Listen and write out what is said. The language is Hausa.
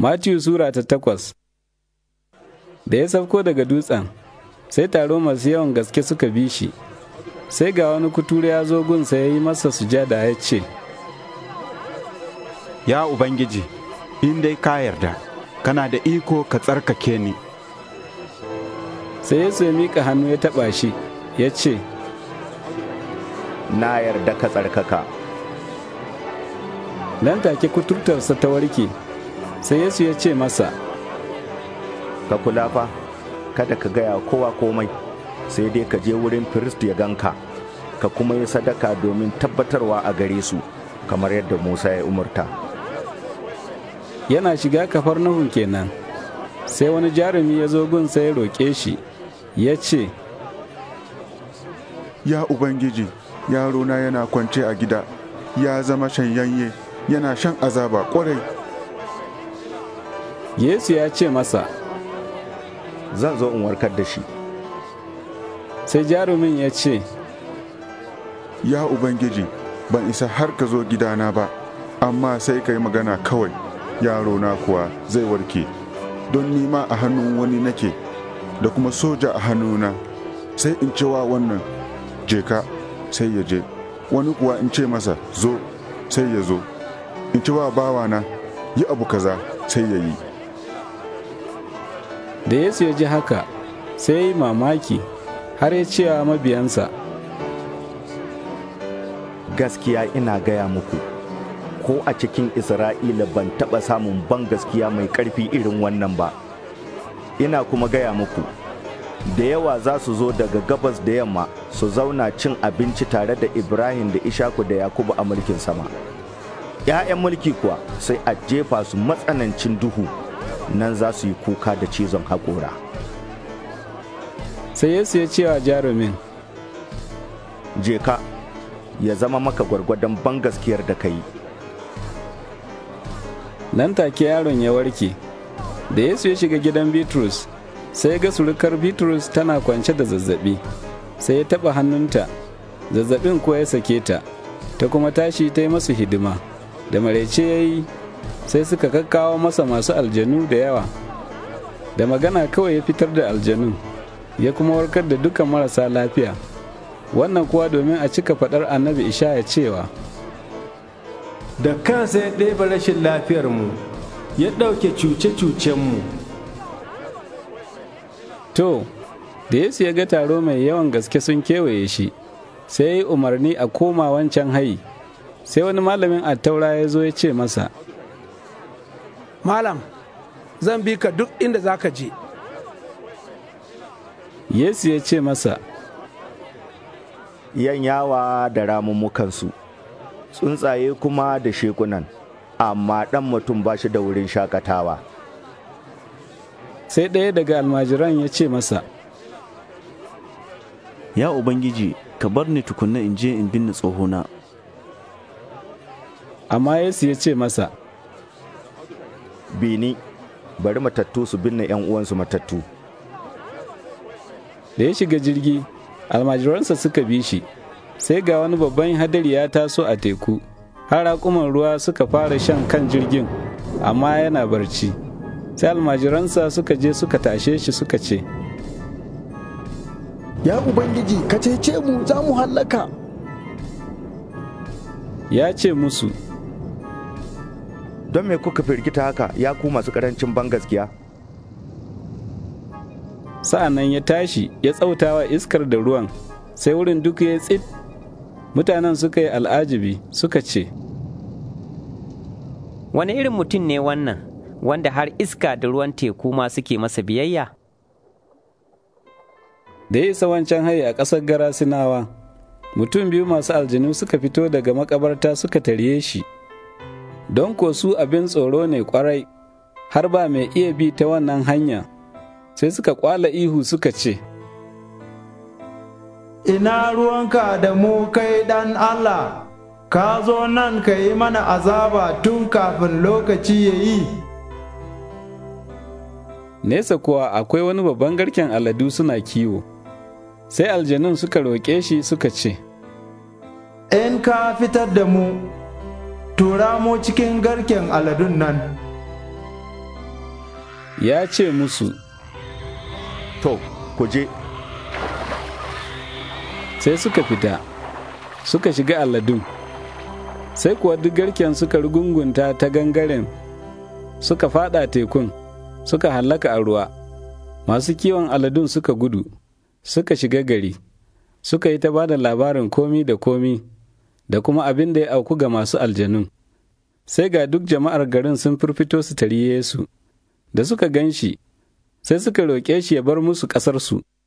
Matiyu Sura ta takwas Da ya safko daga dutsen, sai taro masu yawan gaske suka bi shi, sai ga wani kuturu ya zo gunsa ya yi masa sujada ya ce, Ya Ubangiji, in dai ka yarda, kana da iko ka tsarkake ni. Sai Yesu ya miƙa hannu ya taɓa shi, ya ce, Na yarda ka tsarkaka. Nan take kuturtarsa ta warke. sai yesu ya ce masa ka kula fa kada ka gaya kowa komai sai dai ka je wurin firist ya ganka ka kuma yi sadaka domin tabbatarwa a gare su kamar yadda musa ya umarta yana shiga kafar nahun kenan sai wani jarumi ya zo gun sai ya roƙe shi ya ce ya ubangiji yarona yana kwance a gida ya zama shanyanye yana shan azaba kwarai. yesu ya ce masa zan zo in warkar da shi sai jarumin ya ce ya ubangiji ban isa har ka zo gidana ba amma sai ka yi magana kawai yarona na kuwa zai warke don nima a hannun wani nake da kuma soja a hannuna sai in cewa wannan je ka sai ya je wani kuwa in ce masa zo sai ya zo in cewa bawana yi abu kaza sai ya yi da yesu ya ji haka sai ya yi mamaki har ya cewa mabiyansa gaskiya ina gaya muku ko a cikin isra'ila ban taɓa samun ban gaskiya mai ƙarfi irin wannan ba ina kuma gaya muku da yawa za su zo daga gabas da yamma su zauna cin abinci tare da ibrahim da ishaku da yakubu a mulkin sama 'ya'yan mulki kuwa sai a jefa su matsanancin duhu nan za su yi kuka da cizon haƙora sai yesu ya ce wa jarumin je ka ya zama maka gwargwadon bangaskiyar da ka yi nan take yaron ya warke da yesu ya shiga gidan bitrus sai ga surukar bitrus tana kwance da zazzabi sai ya taba hannunta zazzabin ko ya sake ta ta kuma tashi ta yi masu hidima da maraice ya yi sai suka kakkawo masa masu aljanu da yawa da magana kawai ya fitar da aljanu, ya kuma warkar da duka marasa lafiya wannan kuwa domin a cika faɗar annabi ishaya cewa da kansa ya ɗeba rashin lafiyarmu ya ɗauke cuce-cucenmu to da yesu ya ga taro mai yawan gaske sun kewaye shi sai ya yi umarni a koma wancan hayi sai wani malamin attaura ya zo ya ce masa malam zan bi ka duk inda za ka je yesu ya ce masa yanyawa da ramummukansu tsuntsaye kuma da shekunan amma ɗan mutum ba shi da wurin shakatawa sai ɗaya daga almajiran ya ce masa ya ubangiji ka bar ni tukunna in je in binne tsohona amma yesu ya ce masa bini bari matattu su binne 'yan uwansu matattu da ya shiga jirgi almajiransa suka bi shi sai ga wani babban hadari ya taso a teku har rakuman ruwa suka fara shan kan jirgin amma yana barci sai almajiransa suka je suka tashe shi suka ce ya ubangiji ka cece mu za mu hallaka ya ce musu don me kuka firgita haka ya ku masu karancin ban gaskiya sa'an nan ya tashi ya tsautawa iskar da ruwan sai wurin duk ya tsit mutanen suka yi al'ajibi suka ce wani irin mutum ne wannan wanda har iska da ruwan teku ma suke masa biyayya da ya isa wancan hayi a ƙasar garasinawa mutum biyu masu aljinu suka fito daga makabarta suka tarye shi don ko su abin tsoro ne kwarai, har ba mai iya bi ta wannan hanya, sai suka kwala ihu suka ce, Ina ruwanka da mu kai ɗan Allah, ka zo nan ka yi mana azaba tun kafin lokaci ya yi. Nesa kuwa akwai wani babban garken aladu suna kiwo, sai aljanun suka roƙe shi suka ce, In ka fitar da mu, tura cikin garken aladun nan ya ce musu to ku je sai suka fita suka shiga aladun sai kuwa duk garken suka rugungunta ta gangaren suka fada tekun suka hallaka a ruwa masu kiwon aladun suka gudu suka shiga gari suka yi ta ba da labarin komi da komi da kuma abin da ya auku ga masu aljanun. Sai ga duk jama'ar garin sun firfito su tari Yesu, da suka gan shi, sai suka roƙe shi ya bar musu ƙasarsu.